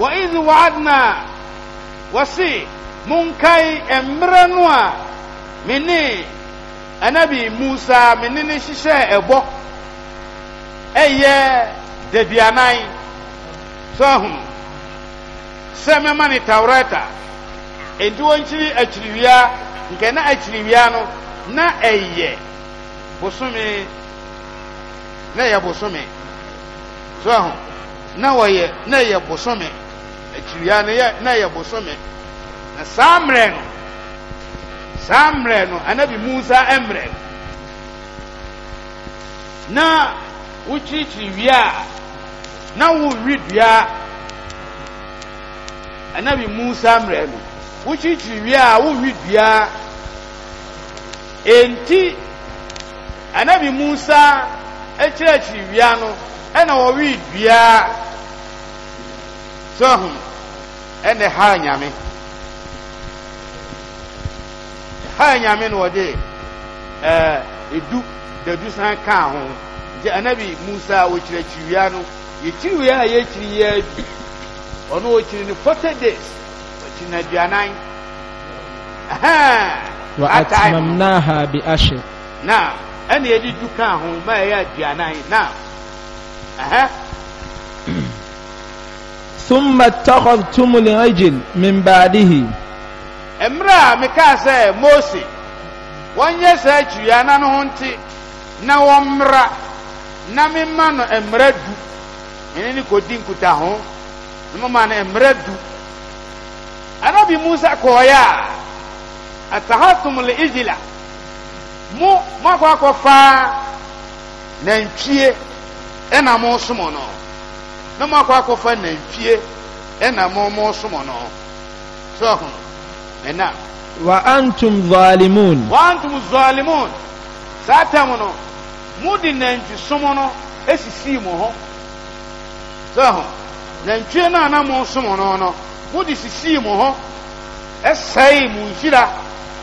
wais waadena wase monkae ɛmmerɛ no a menne anabi musa menne ne hyehyɛ ɛbɔ ɛyɛ daduanan so hu sɛ mɛmane tawrita ɛnti wɔnkyiri akyiriwia nkɛ na akyiriwia no na ɛyɛ bosome na ɛyɛ bosome so ahu na wɔyɛ na ɛyɛ bosome akyiriya no yɛ na ɛyɛ bosome na saa mmerɛ no saa mmerɛ no anabi musa mmerɛ na wokyirikyiri wie a na wowi dua anabi musa mmerɛ no wokyirikyiri wie a wowi dua enti anabi musa akyirikyiri wie no ɛna wɔwe dua so ɛna ha nyame ha nyame na wɔde ɛɛ eh, edu dadu san kaa ho nti anabi musa wɔkyerɛkyiri no yɛkyiri ya a yɛkyiri yia bi ɔno wɔkyiri no forty days wɔkyiri na aduanan na بأشر نعم أنا يدي دكاه ya هي أديانين na Aha. summa takhadhtumul ijl min ba'dihi mmerɛ a mekaa sɛ mose wɔnyɛ saa kyiriana no ho nte na wɔmmra na memma no mmerɛ du mene ne kɔdi nkutaho na moma no mmerɛ du anabi musa kɔɔeɛ a atahatum le igila mo moakɔ akɔfaa nantwie ɛna mo somo no na mo akɔ akɔfa nantwie ɛna mo mo somo no sɛ ho ɛna wa antum zalimun wa antum zalimun saa tam no mode nantwi somo no asisii mo ho sɛ ho nantwie no a na mo somo no no mode sisii mo ho ɛsɛe mo nhyira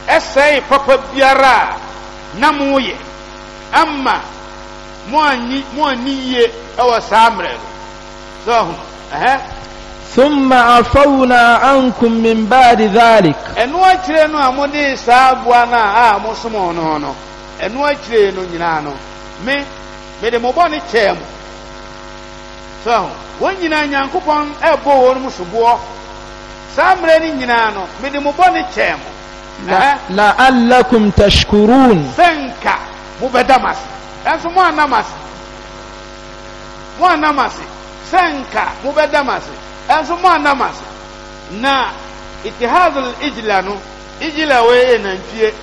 ɛsɛe papa biara a na moyɛ ama mo anni yie ɛwɔ saa mmerɛ so sɛ ɔho ɛhɛ thumma afawna ankum min baadi dhalik ɛno akyire no a mode saa boa no a a mosom no ho no ɛno akyire no nyinaa no me mede mo bɔne kyɛɛ mo sɛ ho wɔn nyinaa nyankopɔn ɛbɔ e, wɔn mu soboɔ saa mmerɛ no nyinaa no mede mo bɔne kyɛɛ mo la'allakum tashkurun sɛ nka mobɛda m ɛnso mo anam ase mo anam ase sɛ nka mo bɛdam ase ɛnso mo anam ase na itihadul ijila no ijila wei yɛ nantwie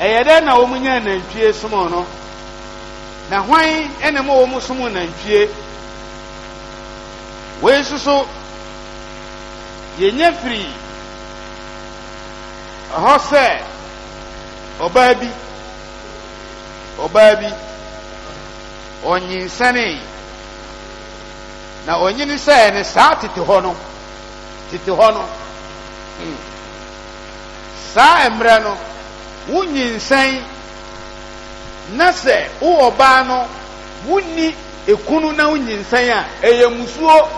ɛyɛ dɛ na wɔn nyɛ nantwie som no na hwan ɛna mo wọn som nantwie wei soso yɛnyɛ firi ɛhɔ sɛ ọbaa bi. ɔbaa bi ɔnyinsɛnee na ɔnyini sɛɛ ne saa tete hɔ no tete hɔ no hmm, saa mmerɛ no wonyinsɛn na sɛ wowɔ ɔbaa no wonni ekunu na wonyinsɛn a ɛyɛ musuo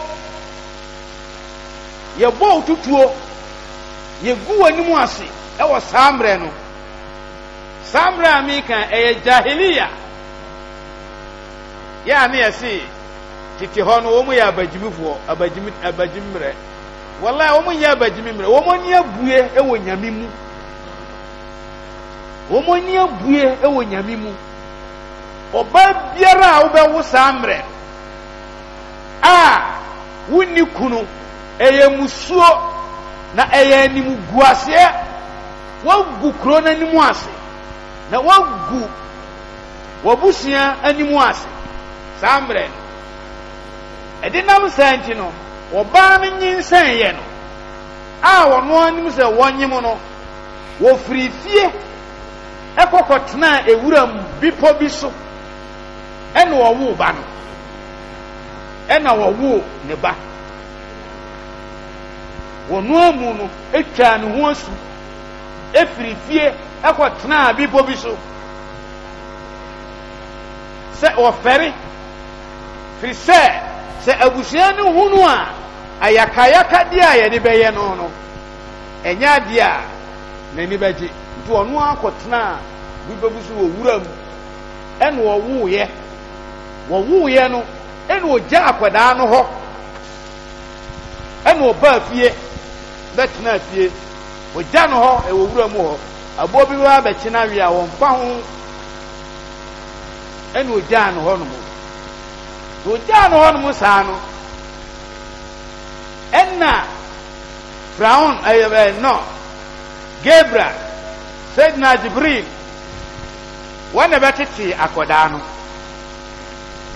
yɛbɔ otutuo yɛgu w'anim ase ɛwɔ saa mmerɛ no saa mmerɛ ka meka ɛyɛ jahiliya yɛ a ne yɛse tete hɔ no wɔn yɛ abagyimifoɔ abagyimi abagyimi mmerɛ wɔla wɔn nyɛ abagyimi mmerɛ wɔn ani abue wɔ nyame mu wɔn ani abue wɔ nyame mu ɔbaa biara a wobɛwo saa mmerɛ a wonni kunu ɛyɛ musuo na ɛyɛ animguaseɛ wagu kuro n'anim ase na wagu wabusua anim ase saa mmerɛ no ɛde nam saa nti no ɔbaa no yɛ no a wɔno anim sɛ wɔnyem no wɔfiri fie ɛkɔkɔtenaa ewura mu bepɔ bi so ɛna wɔwoo ba no ɛna wɔwoo ne ba wɔno mu no atwa ne ho asu efiri fie ɛkɔtena a bibɔ bi so sɛ wɔfɛre firi sɛ sɛ abusua no hunu a di a yɛde bɛyɛ no no ɛnyɛ adeɛ a n'ani bɛgye nti ɔno akɔtena a bibɔ bi so wɔ wura mu ɛna ɔwuuyɛ wɔwuuyɛ no ɛna ɔgya akwadaa no hɔ ɛna ɔbaa fie bɛtena fie ɔgya no hɔ ɛwɔ wura mu hɔ aboɔ bi wa bɛkyena awia wɔn fa ho ɛna ogyaa no hɔ nom na ogyaa no hɔ saa no ɛna brown ɛyɛ bɛyɛ nɔ gebra sedna jibril wɔn na bɛtete akɔdaa no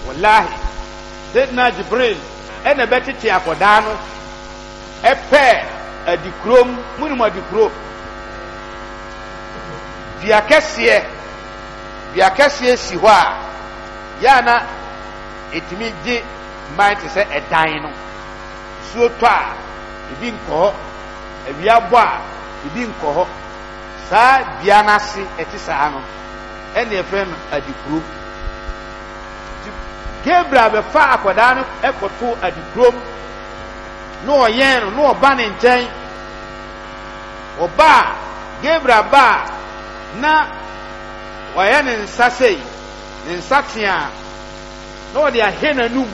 wallahi sedna jibril ɛna bɛtete akɔdaa no ɛpɛ adikurom mu ni mu adikurom dua kɛseɛ dua kɛseɛ si hɔ a yɛa na ɛtumi gye man te sɛ ɛdan no nsuo tɔ a ebi nkɔ hɔ awia bɔ a ebi nkɔ hɔ saa dua no ase ɛte saa no ɛne ɛfrɛ no adikurom gabriel bɛfa akwadaa no ɛkɔto adikurom na ɔyɛn no na ɔba ne nkyɛn ɔbaa gabriel baa na wɔyɛ ne nsa sei ne nsa tea na wɔde ahɛ n'anum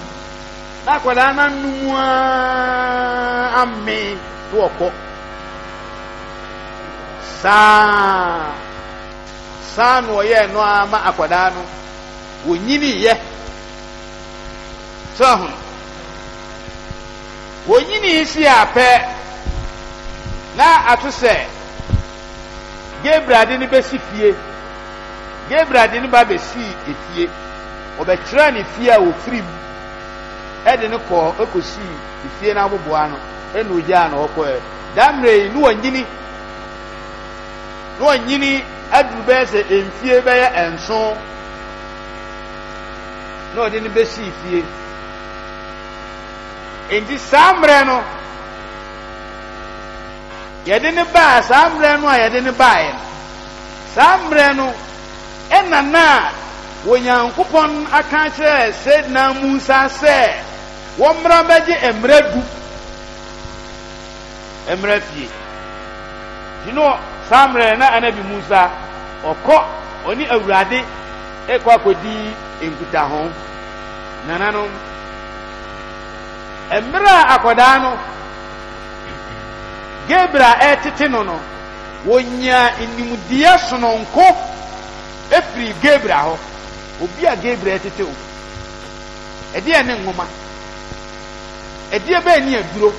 na akwadaa n'anum aa ame na wɔkɔ saa saa na ɔyɛ no ara ma akwadaa no wɔnyiniyɛ so ahu wɔnyini si apɛ na ato sɛ. gabriel de ne bɛsi fie gabriel de ne ba bɛsii efie ɔbɛkyerɛ ne fie a ofiri mu ɛde ne kɔɔ ekosii efie n'aboboa no ɛna ogya na ɔkɔɛ damire yi ne wɔnyini ne wɔnyini aduru bɛyɛ sɛ mfie bɛyɛ nson na ɔde ne bɛsii fie nti saa mmerɛ no. yɛde ne baa saa mmerɛ no a yɛde ne baeɛ no saa mmerɛ no ɛna na a onyankopɔn aka kyerɛ sedna musa sɛ wɔmmra bɛgye mmerɛ du mmerɛ fie nti no saa mmerɛ na anabi musa ɔkɔ ɔne awurade ɛkɔ akɔdi nkutaho nananom mmerɛ a akɔdaa no gabriel a ɛretete no no wɔnya nimdeɛ sononko efiri gabriel hɔ obi a gabriel ɛretete o ɛdeɛ ne nwoma ɛdeɛ bɛyɛ ne aduro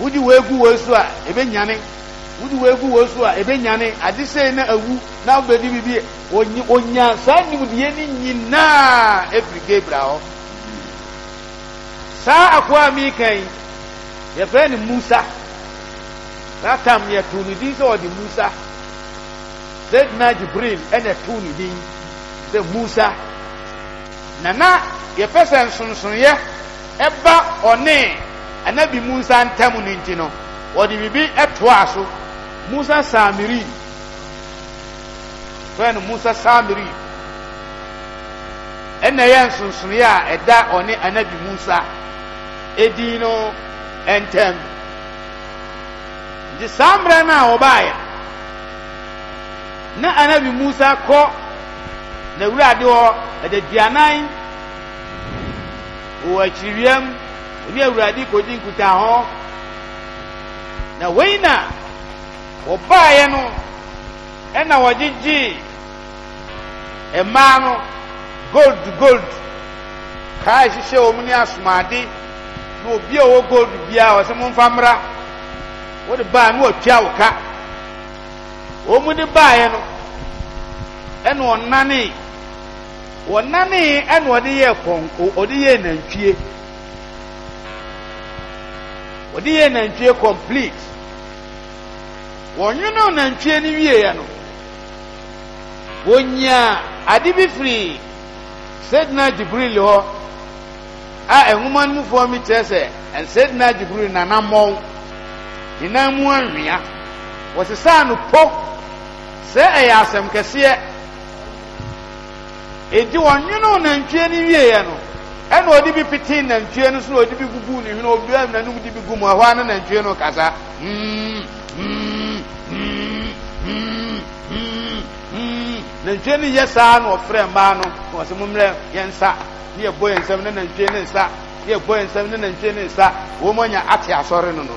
wodi woegu wo so a ebenyane wodi woegu wo so a ebenyane ade sɛ na awu na abɛdi bibi onya saa nimdeɛ ne nyinaa efiri gabriel hɔ saa akoa mi kan yɛfrɛ ne musa. that time yɛ too ne din sɛ ɔde musa sayidina jibril ɛna too ne din sɛ musa na na yɛpɛ sɛ nsonsonyɛ ɛba ɔne anabi musa ntam no nti no wɔde biribi ɛtoa so musa samiri fɛn musa samiri ɛna yɛ nsonsonyɛ a ɛda ɔne anabi musa edin no ɛntɛm nti saa mmerɛ no a wɔbaeɛ na anabi musa kɔ na wurade hɔ adaduanan wɔ akyiriwiam ɛne awurade kɔgye nkuta ho na wei na wɔbaeɛ no ɛna wɔgyegyee mmaa no gold gold kaa ɛhyehyɛ wɔ mu ne asomade na obi a ɔwɔ gold biara wɔ sɛ momfa mmra wode baa ne watua wo ka wɔn mu de baeɛ no ɛna ɔnanee wɔnanee ɛna ɔde yɛɛ kɔnkɔ ɔde yɛɛ nantwie ɔde yɛɛ nantwie complete nantwie no bi firi sedina jibril hɔ a ɛnwoma no mi kyerɛ sɛ ɛnsedina jibril nenam mu anwea wɔsesaa no po sɛ ɛyɛ asɛm kɛseɛ enti wɔnwenoo nantwie no wieeɛ no ɛna ɔde bi petee nantwie no so na ɔde bi guguu ne hwene ɔbia nanum de bi gu mu ɛhɔ a na nantwie no kasa nantwie no yɛ saa na ɔfrɛ mmaa no na ɔsɛ mommrɛ yɛ nsa ne yɛbɔ yɛ nsɛm ne nantwie ne nsa ne yɛbɔ yɛ nsɛm ne nantwie ne nsa wɔmanya ate asɔre no no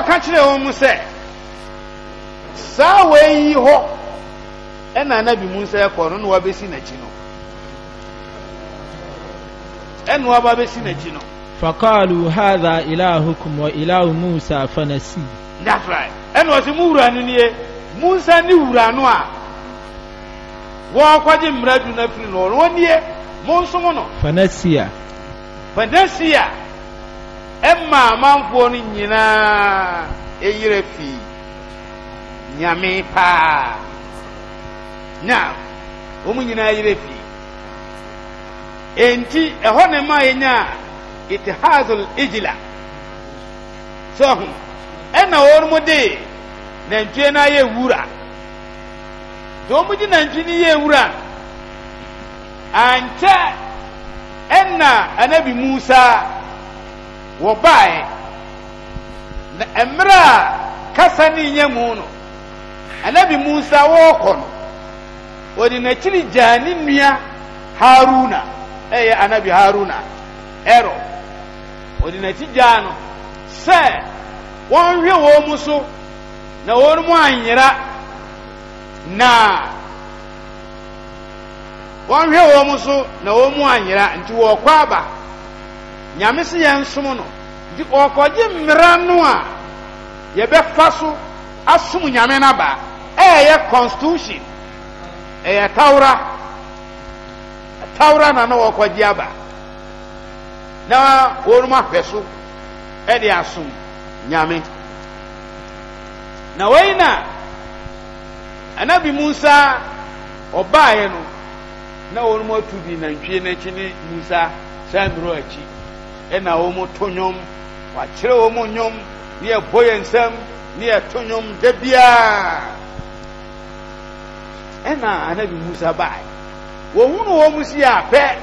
ɔka kyerɛ wɔn mu sɛ saa wei yi hɔ ɛna anabi mu nsa ɛkɔ no na wabɛsi n'akyi no ɛna waba bɛsi n'akyi no. haza hadha ilahukum wa ilahu musa fanasi. that's right ɛna ɔsi mu wura no nie musa ni wura no a wɔkɔgye mmira dunu afiri no wɔn nie ɛma amanfoɔ no nyinaa ɛyerɛ fi nyame paa na wɔn nyinaa yerɛ fi enti ɛhɔ ne ma yɛnya itihazul ijila sɛ ho ɛna wɔn mu de nantwie no ayɛ wura nti wɔn gye nantwie no yɛ wura ankyɛ ɛna anabi musa wɔbaɛ na ɔmmerɛ a kasa ne nya mu no anabi munsa wɔrɔkɔ no wɔde n'akyiri gyaa ne nnua harona ɛyɛ anabi harona ɛrɔ wɔde n'akyirgya no sɛ wɔnhwɛ wɔ mu so na wɔnomu anyera na wɔnhwɛ wɔ mu so na wɔnmu annyera nti wɔrɔ kɔ aba nyame so yɛ nsom no nti ɔwɔkɔgye mmera no a yɛbɛfa so asom nyame no abaa ɛɛyɛ consitution ɛyɛ tawora ɛtawora na na ɔrkɔgye abaa na wɔnom ahwɛ so ɛde asom nyame na wɔyinea ana bi mu nsaa ɔbaaeɛ no na wɔnom atu bi nantwie no akyi ne mu nsa saa mmerɛ ɔ akyi ɛna wɔn to nnwom wakyerɛ wɔn nnwom ne ɛbɔ yɛn nsam ne ɛto nnwom da biara ɛna anabi musa baa wɔhunu wɔn si apɛ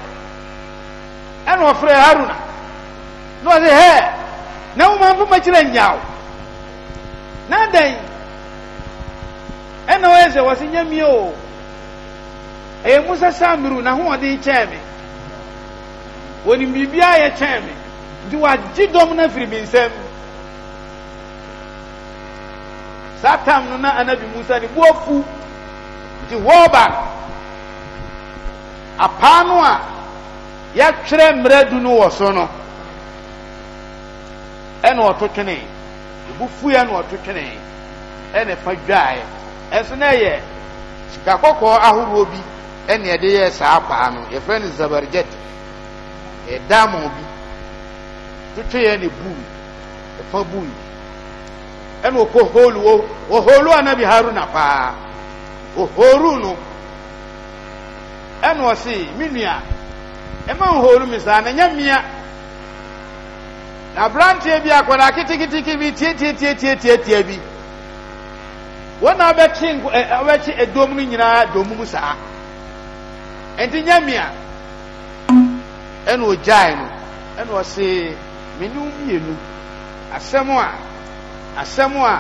ɛna ɔfrɛ haruna na ɔde hɛ na wɔn mmanfo mmakyerɛ nyaw na dan ɛna wɔyɛ sɛ wɔsi nyamie o ɛyɛ musa samiru na ho ɔde kyɛn mi wɔnim biribiara yɛ kyɛn mi de wagye dɔm no afiri me nsam saa tam no na anabi musa ne boafu nti wɔɔba apaa no a yɛatwerɛ mmerɛ du no wɔ so no ɛna ɔto twene ebu fu yɛ na ɔto twene ɛna fa dwaeɛ ɛnso na ɛyɛ sika kɔkɔɔ ahorow bi ɛna yɛde yɛ saa paa no yɛfrɛ no zabarjet ɛdaamu bi twetweɛ ne bui ɛfa bui ɛna ɔkɔ holu ɔholu anabi na paa ɔholu no ɛna ɔse me nua ɛma nholu me saa na nyɛ mmea na aberanteɛ bi akwadaa kitikitiki bi tietietietietietia bi wɔn a wɔbɛkye nko ɛ wɔbɛkye edom e no nyinaa dom mu saa ɛnti nyɛ mmea ɛna ɔgyae no ɛna me ne wo mmienu asɛm a asɛm a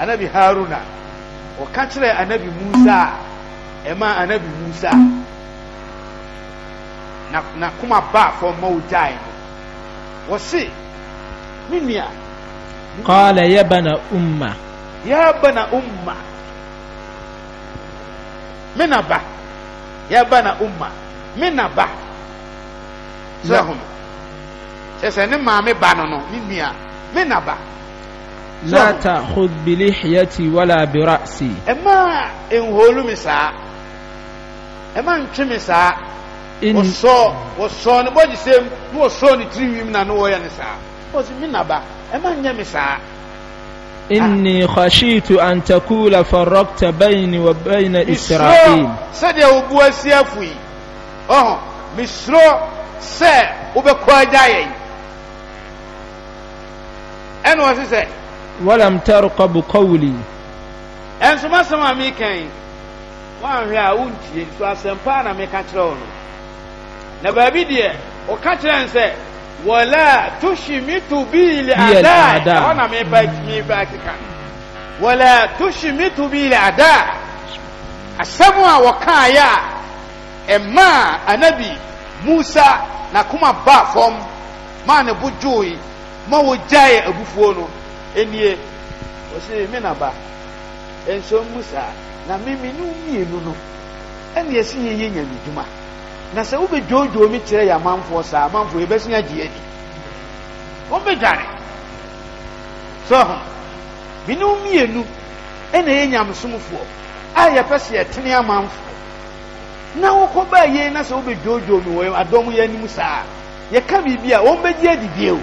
anabi haruna ɔka kyerɛ anabi musa a ɛma anabi musa na na kuma baa fam ma wogyae no wɔse me nua qala ya bana umma ya bana umma me na ba ya bana umma me na ba sɛ home kyɛ sɛ ne maame ba no no ne nua me na ba la ta khud bi lihiyati wala bi ra'si ɛma nholu mi saa ɛma ntwe mi saa wɔsɔ wɔsɔ ne bɔgye sɛm ne wɔsɔ ne tiri wiem na ne wɔyɛ ne saa ɔsi me na ba ɛma nyɛ me saa ah. inni khashitu an takula farraqta bayni wa bayna isra'il sɛdeɛ wo bu asia fui ɔhɔ mesuro sɛ wobɛkɔ agya yɛn ɛna wɔsi sɛ. walam tarqabu qawli. ɛnsomasɛm a mekan wɔanhwɛ a wontie nso asɛmpa na meka kyerɛ wo no na baabi deɛ ɔka kyerɛ n sɛ wala tushimitu bii liada ɛhɔ na mepa mepa keka wala tushimitu bii liada asɛm a wɔkaeɛ a ɛmaa anabi musa na koma baa fam maa ne bo dwoe ma wɔgyae abufuo no nie wɔsi me naba nso mu saa na mimi ne mmienu no ɛna yɛsi yɛ yɛ nyame dwuma na sɛ wobɛdwoodwoo mi kyerɛ yɛ amanfoɔ saa amanfoɔ yɛbɛsi agye adi wɔmbɛdware sɛ so me ne mmienu ɛna yɛ nyamesomfoɔ a yɛpɛ sɛ yɛtene amanfoɔ na wokɔ baa yei na sɛ wobɛdwoodwoo mi wɔ adɔm yɛ anim saa yɛ yɛka biribi a wɔmbɛgye adi o.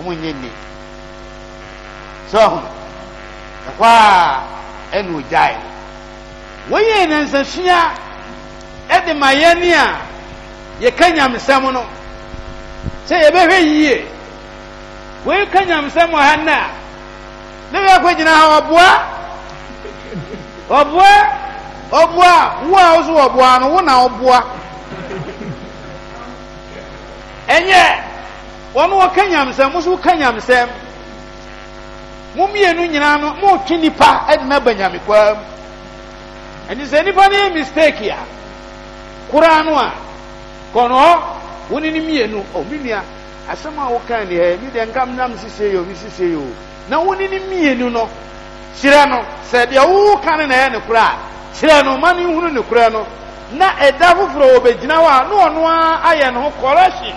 wɔn nyɛ nne so ɛhɔ a ɛna ogyae wɔyɛ nansasua ɛde ma yɛne a yɛka nyamsɛm no sɛ yɛbɛhwɛ yie wɔyɛ ka nyamsɛm wɔ ha no a ne bɛ kɔ gyina ha ɔboa ɔboa ɔboa wo a wo ɔboa no wo na ɔboa ɛnyɛ wɔn wɔka nyamsɛm mo nso woka nyamsɛm mo mmienu nyinaa no moretwe nipa de no aba nyame kwaa mu ɛnti sɛ nipa no yɛ mistake a koraa no a kɔnɔɔ wo ne ne mmienu ɔ me nua asɛm a wokaa ne ha mi deɛ nka menam sisei o mesisei o na wo ne mmienu no kyerɛ no sɛ deɛ wowoka no na ɛyɛ ne korɔ a kyerɛ no ma no nhunu ne korɔ no na ɛda foforɔ wɔbɛgyina hɔ a na ɔno ara ayɛ ne ho correction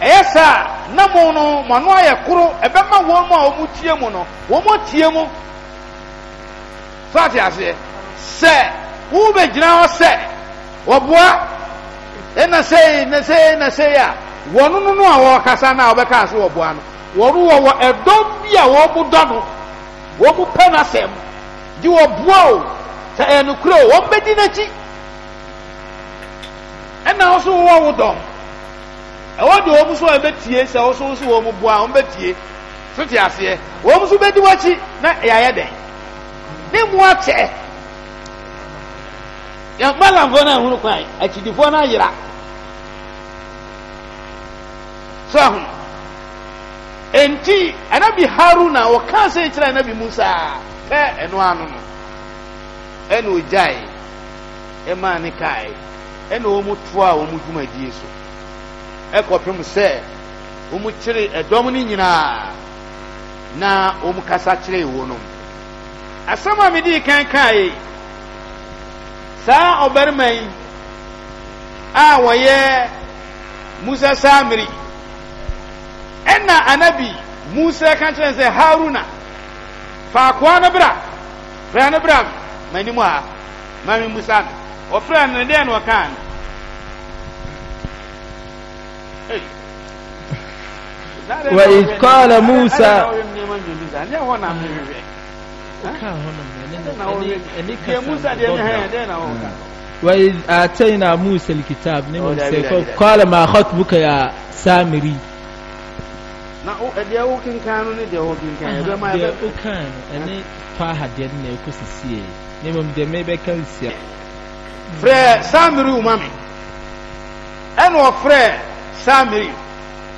ɛyɛ saa na mo no mo ano ayɛ koro ɛbɛma wɔn mu a wɔn tie mu no wɔn mo tie mu so ate aseɛ sɛ wobɛgyina hɔ sɛ wɔboa ɛna sei na sei na sei a wɔno no no a wɔrekasa no a so wɔboa no wɔno ɛdɔm bi a wɔn mo dɔ no wɔn mo pɛ no asɛm wɔboa o sɛ ɛyɛ nokorɛ o wɔn n'akyi ɛna nso wɔwɔ dɔm ɛwɔ deɛ wɔn nso a ɛbɛtie sɛ wɔn nso nso wɔn boa wɔn bɛtie so te aseɛ wɔn nso bɛdi wɔkyi na yɛayɛ dɛ ne mu akyɛ yɛn mmalamfoɔ no ahunu kwan akyidifoɔ no ayera so ahu enti anabi haruna wɔka sɛ kyerɛ anabi musa pɛ ɛno ano no ɛna ogyae ɛmaa ne kae ɛna wɔn toa wɔn dwumadie so ɛkɔpem sɛ wɔn kyerɛ ɛdɔm no nyinaa na wɔn kasa kyerɛ wɔnom asɛm a mede kan kae saa ɔbarima yi a wɔyɛ musa samiri ɛna anabi musa ka kyerɛ sɛ haruna faakoa no bra fra no bra m'anim a mame musa no ɔfrɛ no deɛ na ɔkaa no na mosa lkitabnel ma k samr ne dnnesei nmd mebɛkasiaan saa mmeri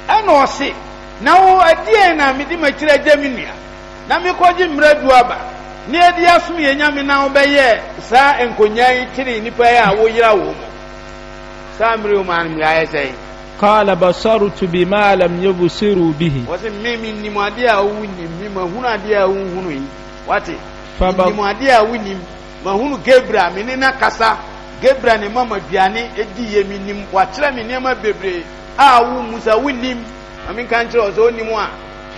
ɛna ɔse na wo adeɛ na mede makyirɛ agya me nua na mekɔgye mmerɛ du aba ne adi asom yɛ nyame na wobɛyɛ saa nkonyaa yi kyere nnipa yi a woyera wɔ mu saa mmeri wo maa mmeri ayɛ sɛe قال بصرت بما لم يبصروا به وسمي من نمادي أوني مما هنا دي أوني واتي فب... نمادي أوني ما هو جبرا مننا كسا جبرا نمام دياني ادي يمينم واتلا من نمام ببري a wo musa wo nim maame nka nkyerɛ ɔsɛ onim a.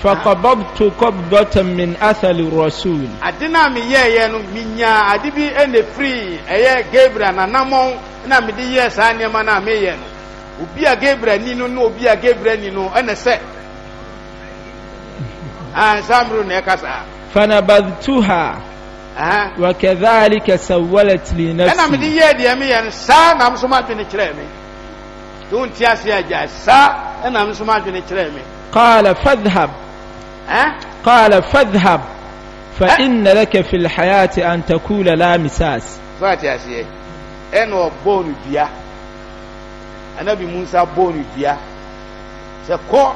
fakɔbɔbtu kɔbdɔtɛm min asali rɔsul. ade na mi yɛ yɛ no mi nya ade bi ɛna firi ɛyɛ gebra nanamɔn na mi de yɛ saa nneɛma na mi yɛ no obi a gebra ni no na obi a gebra ni no ɛna sɛ ansamuru na ɛka saa. fanabadtuha. wakadhalika sawwalat li nafsi. ɛna mi de yɛ deɛ mi yɛ no saa na mo so kyerɛ mi. تون سياسي جاسا انا مسمعك نكرمي قال فاذهب أه؟ قال فاذهب فان أه؟ لك في الحياه ان تقول لا مساس فات ياسي ان وبون بيا انا بموسى بون بيا سكو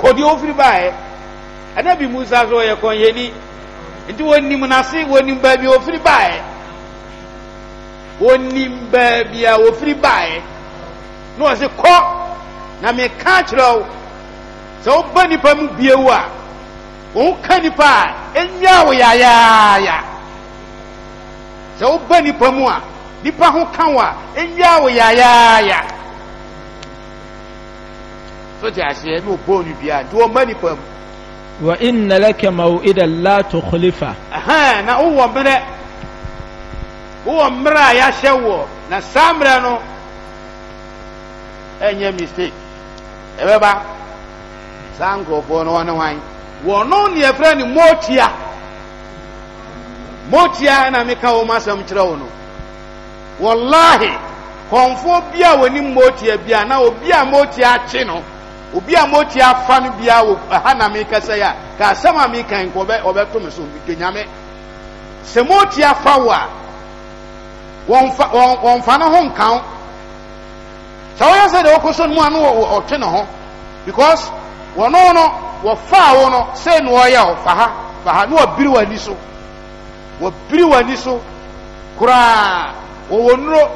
كودي اوفر باي انا بموسى زو يكون يني انت وني مناسي وني بابي اوفر باي وني بابي اوفر باي na ɔsi kɔ na meka kyerɛ wo sɛ woba nipa mu bie wo a wɔn ka nipa a enwia wo yaayaaya sɛ woba nipa mu a nipa ho ka wo a enwia wo yaayaaya so aseɛ ne o bɔn ne bia nti wɔn ba nipa mu. wa inna laka maw'idan la tukhlifa aha na wo wɔ mmerɛ wo wɔ mmerɛ a yɛahyɛ wo na saa mmerɛ no enye mistake ebeba saa nkurɔfoɔ no wɔne wan wɔno ne yɛfrɛ ne motia motia na meka wɔ m asɛm kyerɛ wo no wallahi kɔnfoɔ bi a wɔnim motia bi a na obi a motia akye no obi a motia afa no bia wɔ ha na mekasa yi a ka asɛm a meka yi nka ɔbɛto me so dwonyame sɛ motia fa wo a wɔmfa ne ho nka sɛ wɔyɛ sɛ deɛ wɔkɔ so no mu a no ɔtwe ne ho because wɔno no wɔfaa wo no sɛ ne wɔyɛ wo fa ha fa ha ne wɔbiri w'ani so wɔbiri w'ani so koraa wɔwɔ nnuro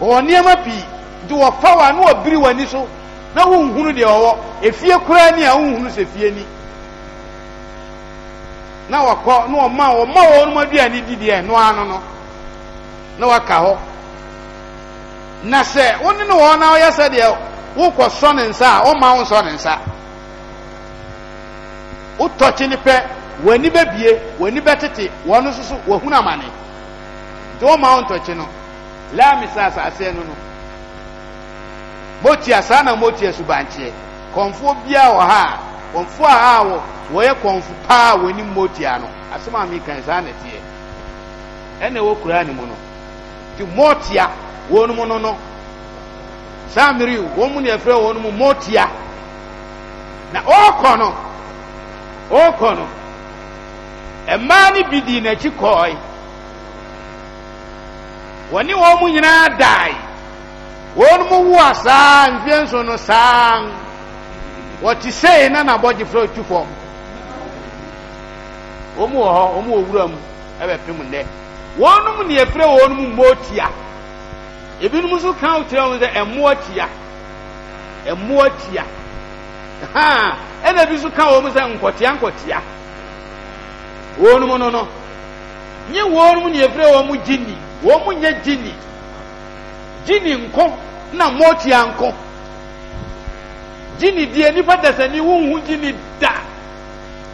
wɔwɔ nneɛma pii nti wɔfa wa ne wɔbiri w'ani so na wonhunu deɛ ɔwɔ efie koraa ni a wonhunu sɛ fie ni na wɔkɔ na wɔma ma wɔn mu aduane di deɛ noa no no na wɔka hɔ. na sɛ wone ne wɔn na ɔyɛ sɛdeɛ wokɔ sɔ ne nsa a ɔma wo nsɔ ne nsa wotɔkye ne pɛ w'ani bɛbie w'ani bɛtete wɔn nso wahunu amane nti wo ntɔkye no laamisa asaseɛ no no motia saa na motia subankyeɛ kɔnfoɔ biara wɔ ha a kɔnfoɔ a wɔ wɔyɛ paa motia no a saa na teɛ ɛwɔ ne mu no nti wɔn mu no saa mmiri wɔn mu na yɛfrɛ wɔn mu motia na ɔrekɔ no ɔrekɔ no mmaa no bi di n'akyi kɔɔe wɔne wɔn mu nyinaa dae wɔn mu wu a saa mfeɛ nso no saa wɔte sei na nabɔgye frɛ otu fam wɔn mu wɔ hɔ wɔn mu wɔ wura mu ɛbɛpem nnɛ wɔn mu na yɛfrɛ wɔn mu motia. ebinom nso ka wo kyerɛ wo sɛ ɛmmoa tia ɛmmoa tia ha ɛna bi nso ka wɔ mu sɛ nkɔtia nkɔtia wɔnom no no nye wɔnom ne yɛfrɛ wɔn mu gyini wɔn mu nyɛ gyini gyini nko na mmɔtia nko gini deɛ nipa dasani huhu gini da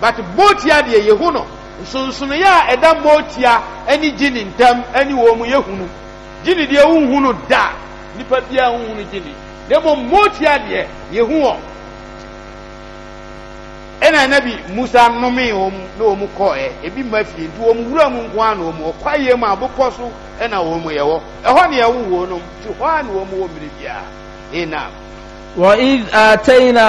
but mmɔtia deɛ yɛhu no nsonsonoyɛ a ɛda mmɔtia ne gini ntam ne wɔn mu yɛhunu gyini deɛ wohu no da nnipa biara wohu no gyini na mmom mootia deɛ yɛhu wɔ ɛna musa nomee na wɔn kɔɔɛ ebi mma fie nti wɔn wura mu nko na wɔn ɔkwayɛ mu abokɔ so ɛna wɔn ɛhɔ ne ɛwo wɔn nom ti hɔ a na wɔn wɔ mmiri biara ɛna. وإذ آتينا